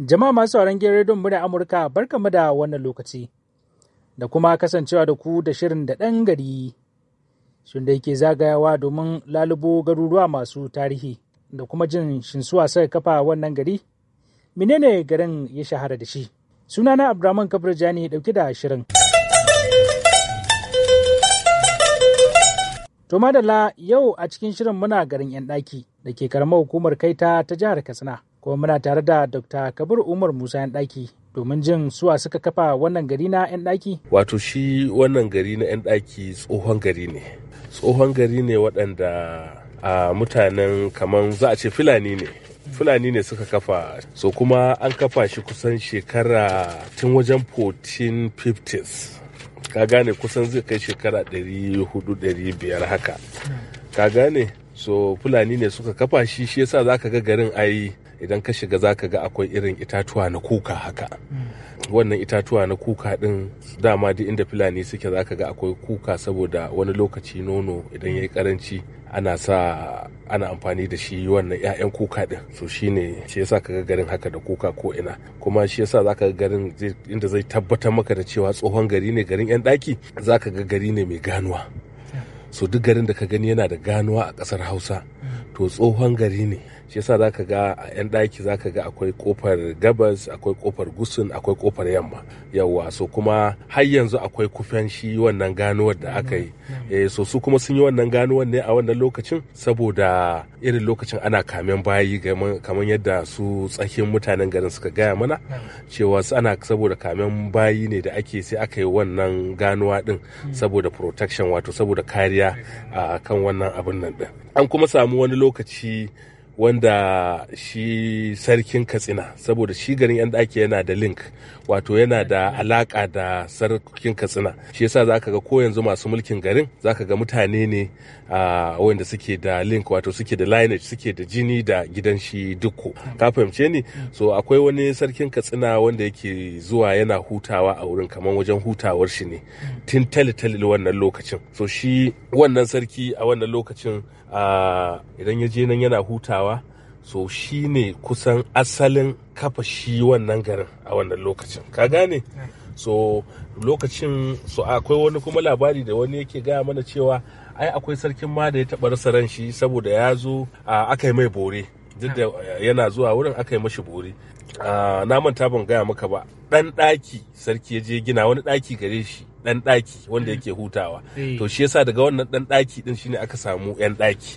Jama'a masu sauran gere mu muna Amurka barkamu da wannan lokaci da kuma kasancewa da ku da shirin da ɗan gari shin da yake zagayawa domin lalubo garuruwa masu tarihi da kuma jin shinsuwa suka kafa wannan gari menene garin ya shahara da shi sunana Abdurrahman Kabir Jani dauke da shirin To madalla yau a cikin shirin muna garin 'yan ɗaki da ke karamar hukumar kaita ta jihar Katsina. kuma muna tare da dr kabir umar musa yan daki domin jin suwa suka kafa wannan gari na 'yan daki. Wato shi wannan gari na 'yan daki tsohon gari ne. Tsohon gari ne waɗanda a mutanen kamar za a ce Fulani ne. Fulani ne suka kafa so kuma an kafa shi kusan shekara tun wajen 1450s. Ka gane kusan zai kai shekara 400-500 haka. Ka gane? so fulani ne suka kafa shi shi yasa ka ga garin ayi idan ka shiga za ka ga akwai irin itatuwa na kuka haka wannan itatuwa na kuka din dama da inda fulani suke za ka ga akwai kuka saboda wani lokaci nono idan ya yi karanci ana sa ana amfani da shi wannan 'ya'yan kuka din so shine shi yasa ga garin haka da kuka ko ina kuma shi yasa ka ga garin inda zai tabbatar maka da cewa tsohon gari ne garin 'yan daki za ka ga gari ne mai ganuwa so duk garin da ka gani yana da ganuwa a kasar hausa to tsohon gari ne shi yasa za ka ga a 'yan daki za ka ga akwai kofar gabas akwai kofar gusun akwai kofar yamma yawwa so kuma har yanzu akwai kufen shi wannan ganuwar da aka yi e, so su kuma sun yi wannan ganuwar ne a wannan lokacin saboda irin lokacin ana kamen bayi kamar yadda su tsakin mutanen garin suka gaya mana mm-hmm. cewa su ana saboda kamen bayi ne da ake sai aka yi wannan ganuwa din mm-hmm. saboda protection wato saboda kariya a wannan abin nan din an kuma samu wani lokaci lokaci wanda shi sarkin katsina saboda shi garin yan daki yana da link wato yana da alaka da sarkin katsina shi yasa ka ga ko yanzu masu mulkin garin za ka ga mutane ne wanda suke da link wato suke da lineage suke da jini da gidan shi dukko ka fahimce ni so akwai wani sarkin katsina wanda yake zuwa yana hutawa a wurin kamar wajen hutawar shi ne tun tali wannan lokacin so shi wannan sarki a wannan lokacin idan ya je nan yana hutawa so shi ne kusan asalin kafa shi wannan garin a wannan lokacin ka gane so lokacin so akwai wani kuma labari da wani yake gaya mana cewa ai akwai sarkin ma da ya taɓa rasa ran shi saboda ya zo aka yi mai bore duk da yana zuwa wurin aka yi mashi bore na manta ban gaya maka ba ɗan ɗaki sarki ya je gina wani ɗaki gare shi dan daki wanda yake hutawa eh. to shi yasa daga wannan dan daki din shine aka samu yan daki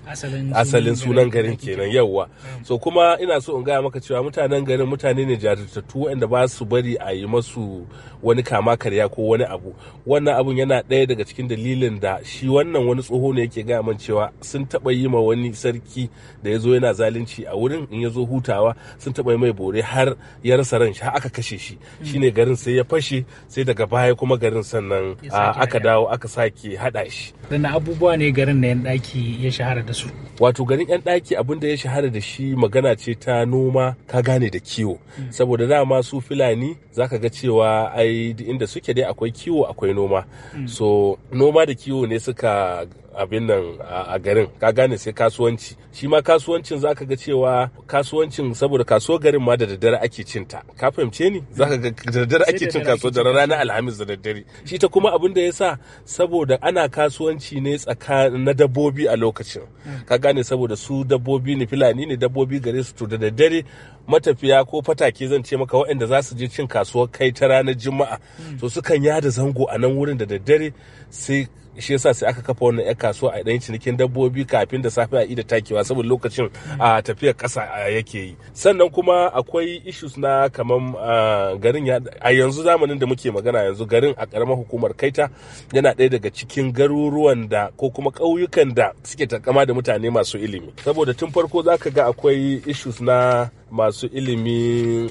asalin sunan garin kenan yawwa ah. so kuma ina so in gaya maka cewa mutanen garin mutane ne jajirtattu wanda ba su bari a yi masu wani kama karya ko wani abu wannan abun yana ɗaya daga cikin dalilin da shi wannan wani tsoho ne yake gaya man cewa sun taɓa yi ma wani sarki da ya zo yana zalunci a wurin in ya zo hutawa sun taɓa yi mai bore har ya rasa ran shi har aka kashe shi mm. shine garin sai ya fashe sai daga baya kuma garin sannan sannan aka dawo aka sake hada shi. Sannan abubuwa ne garin na 'yan ɗaki ya shahara da su. Wato garin 'yan ɗaki abin da ya shahara da shi magana ce ta noma ka gane da kiwo. Hmm. Saboda dama su Fulani za ka ga cewa ai inda suke dai akwai kiwo akwai noma. Hmm. So noma da kiwo ne suka abin nan a garin ka gane sai kasuwanci shi ma kasuwancin zaka ga cewa kasuwancin saboda kasuwar garin ma da daddare ake cin ta ka fahimce ni zaka ga da daddare ake cin kasuwa da ranar alhamis da daddare shi ta kuma abin da ya sa saboda ana kasuwanci ne tsakanin na dabbobi a lokacin mm. ka gane saboda su dabbobi ne filani ne dabbobi gare su to da daddare matafiya ko fatake zan ce maka waɗanda za su je cin kasuwar kai ta ranar juma'a hmm. to sukan yada zango a nan wurin da daddare sai shi yasa sai aka kafa wannan yan kasuwa a ɗan cinikin dabbobi kafin da safe a ida takewa saboda lokacin hmm. a tafiyar ƙasa yake yi sannan kuma akwai issues na kamar garin a yanzu zamanin da muke magana yanzu garin a ƙaramar hukumar kaita yana ɗaya daga cikin garuruwan da ko kuma ƙauyukan da suke takama da mutane masu ilimi saboda tun farko zaka ga akwai issues na masu ilimin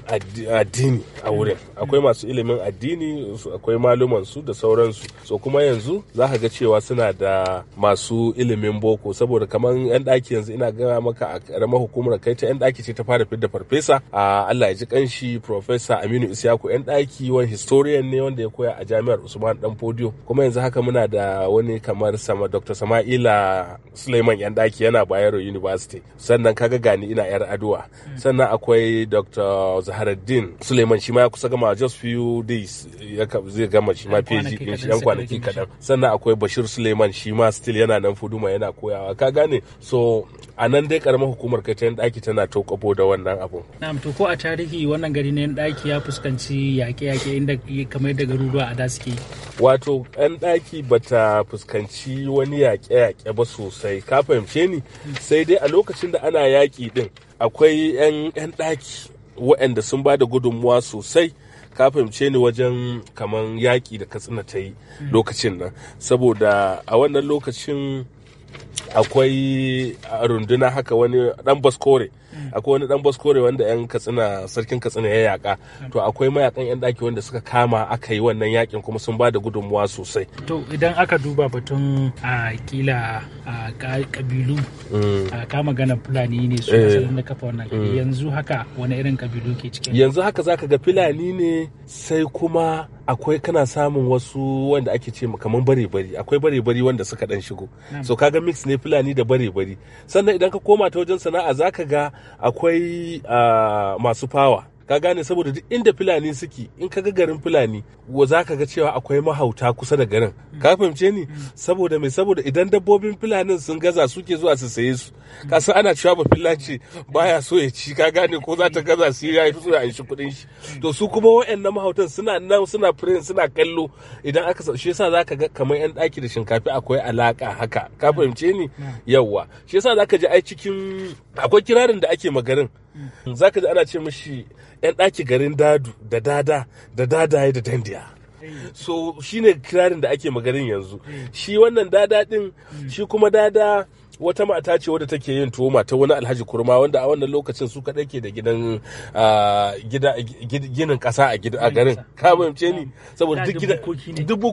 addini a wurin akwai masu ilimin addini akwai malumansu da sauransu so kuma yanzu za ka ga cewa suna da masu ilimin boko saboda kamar yan ɗaki yanzu ina gaya maka a ƙaramar hukumar kai ta yan ɗaki ce ta fara fidda farfesa a Allah ya ji kanshi professor Aminu isyaku yan ɗaki wani historian ne wanda ya koya a jami'ar Usman Dan podio kuma yanzu haka muna da wani kamar sama Dr. Sama'ila Suleiman yan ɗaki yana Bayero University sannan kaga gani ina yar Aduwa hmm. sannan akwai dr zaharaddin suleiman shi ma ya kusa gama just few days zai gama shi ma shi yan kwanaki kadan sannan akwai bashir suleiman shi ma still yana nan fuduma yana koyawa ka gane so a nan dai karamar hukumar kai ta daki tana to kabo da wannan abun. Na'am to ko a tarihi wannan gari na daki ya fuskanci yaƙe-yaƙe inda kamar yadda garuruwa a da suke. Wato yan daki bata fuskanci wani yaƙe-yaƙe ba sosai ka fahimce ni sai dai a lokacin da ana yaƙi din akwai 'yan 'yan ɗaki waɗanda sun ba da gudunmuwa sosai ka fahimce ni wajen kaman yaƙi da katsina ta yi mm. lokacin nan saboda a wannan lokacin akwai runduna haka wani dan baskore akwai wani dan baskore wanda yan katsina sarkin katsina ya yaka to akwai mayakan yan daki wanda suka kama aka yi wannan yakin kuma sun ba da gudunmuwa sosai to idan aka duba batun a kila a kabilu mm. ka magana fulani ne su eh. asalin da kafa wannan mm. yanzu haka wani irin kabilu ke cikin yanzu haka zaka ga fulani ne sai kuma akwai kana samun wasu wanda ake ce kamar bare-bare akwai bare-bare wanda suka dan shigo so kaga mix ne fulani da bare-bare sannan idan ka koma ta wajen sana'a za ka ga akwai ah, masu fawa ka gane saboda duk inda fulani suke in ka ga garin fulani wa za ka ga cewa akwai mahauta kusa da garin ka fahimce ni saboda mai saboda idan dabbobin fulanin sun gaza suke zuwa su saye su ka ana cewa ba filaci baya so ya ci ka gane ko za ta gaza su ya yi so shi kudin shi to su kuma waɗannan mahautan suna nan suna firin suna kallo idan aka shi yasa za ka ga kamar yan daki da shinkafi akwai alaka haka ka fahimce ni yawwa shi yasa za ka ji ai cikin akwai kirarin da ake ma garin. za ka ji ana ce mashi 'yan ɗaki garin dadu da dada da dadaye da dandiya so shine kirarin da ake maganin yanzu shi wannan dada din hmm. shi kuma dada wata mata ce wadda take yin tuwo mata wani alhaji kurma wanda a wannan lokacin su kaɗai ke da gidan ginin ƙasa a garin ka fahimce ni saboda duk gidan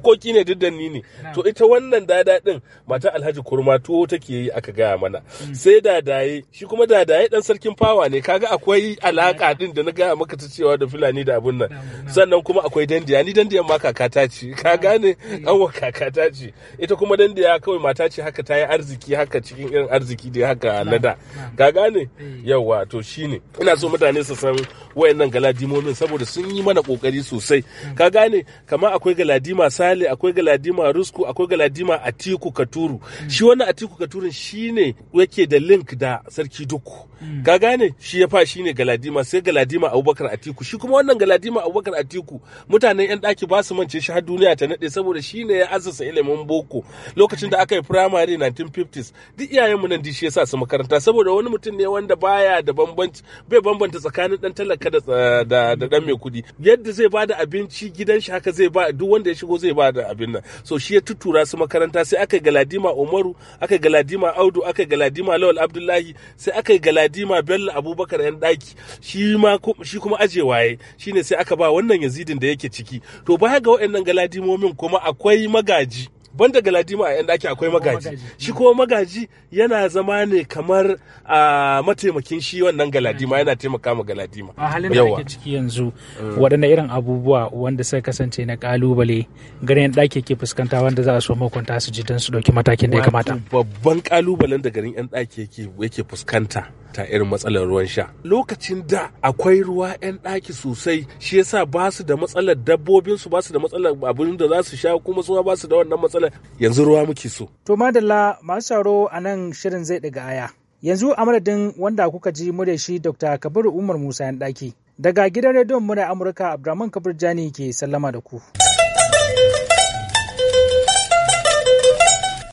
koki ne duk danni ne to ita wannan dada din mata alhaji kurma tuwo take yi aka gaya mana mm. sai dadaye shi kuma dadaye dan sarkin fawa ne kaga akwai eh. alaka din da na gaya maka ta cewa da fulani da abun nan sannan kuma akwai dandiya ni dandiyan ma kakata ce ka gane kaka eh. kakata ce ita kuma dandiya kawai mata ce haka ta yi arziki haka ci cikin irin arziki da haka na da ka gane eh. yawa to shine ina so mutane su san wayannan galadimomin saboda sun yi mana kokari sosai ka gane kama akwai galadima sale akwai galadima rusku akwai galadima atiku katuru shi wannan atiku katurun shine yake da link da sarki duku ka gane shi ya fa shine galadima sai galadima abubakar atiku shi kuma wannan galadima abubakar atiku mutanen yan daki ba su mance shi har duniya ta nade saboda shine ya azzasa ilimin boko lokacin da aka yi primary 1950s duk iyayenmu nan dishi ya sa su makaranta saboda wani mutum ne wanda baya da bambanci bai bambanta tsakanin dan talaka haka da dan mai kudi yadda zai bada abinci gidan shi haka zai ba duk wanda ya shigo zai bada abin nan so shi ya tutura su makaranta sai aka galadima Umaru aka galadima Audu aka galadima Lawal Abdullahi sai aka galadima Bello Abubakar yan daki shi ma shi kuma aje waye shine sai aka ba wannan yazidin da yake ciki to baya ga waɗannan galadimomin kuma akwai magaji banda galadima a 'yan daki akwai magaji shi kuma magaji yana zama ne kamar a mataimakin shi wannan galadima mm. yana taimaka ma galadima a halin da ake ciki yanzu mm. waɗanda irin abubuwa wanda suka kasance na kalubale garin 'yan daki ke fuskanta wanda za a so makwanta su ji don su ɗauki matakin da ya kamata babban kalubalen da garin 'yan daki yake fuskanta ta irin matsalar ruwan sha lokacin da akwai ruwa 'yan ɗaki sosai shi yasa ba su da matsalar dabbobin su ba su da matsalar abin da za su sha kuma su ba su da wannan matsalar yanzu ruwa muke so to madalla masu tsaro a nan shirin zai ɗiga aya yanzu a madadin wanda kuka ji mu shi dr kabiru umar musa 'yan ɗaki daga gidan rediyon murya amurka abdulrahman kabir jani ke sallama da ku.